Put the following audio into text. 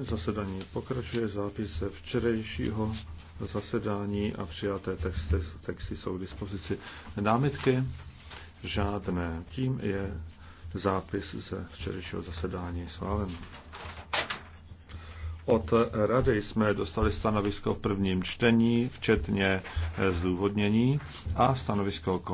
Zasedání pokračuje, zápis ze včerejšího zasedání a přijaté texty, texty jsou k dispozici. Námitky žádné. Tím je zápis ze včerejšího zasedání schválen. Od Rady jsme dostali stanovisko v prvním čtení, včetně zdůvodnění a stanovisko komisí.